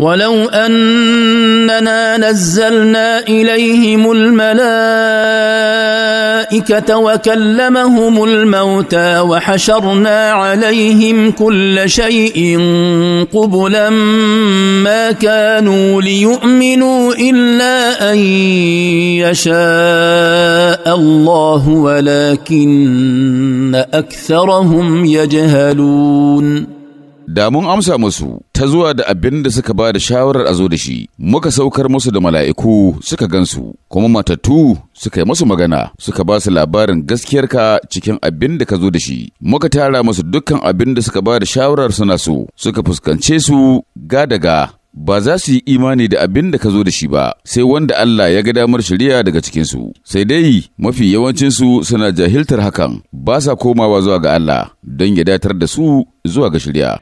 ولو اننا نزلنا اليهم الملائكه وكلمهم الموتى وحشرنا عليهم كل شيء قبلا ما كانوا ليؤمنوا الا ان يشاء الله ولكن اكثرهم يجهلون da mun amsa musu ta zuwa da abin da suka ba da shawarar a zo da shi muka saukar musu da mala'iku suka gansu kuma matattu suka yi musu magana suka ba su labarin gaskiyarka cikin abin da ka zo da shi muka tara musu dukkan abin da suka ba da shawarar suna so suka fuskance su ga daga ba za su yi imani da abin da ka zo da shi ba sai wanda Allah ya ga damar shari'a daga cikinsu sai dai mafi yawancinsu suna jahiltar hakan ba sa komawa zuwa ga Allah don ya datar da su zuwa ga shari'a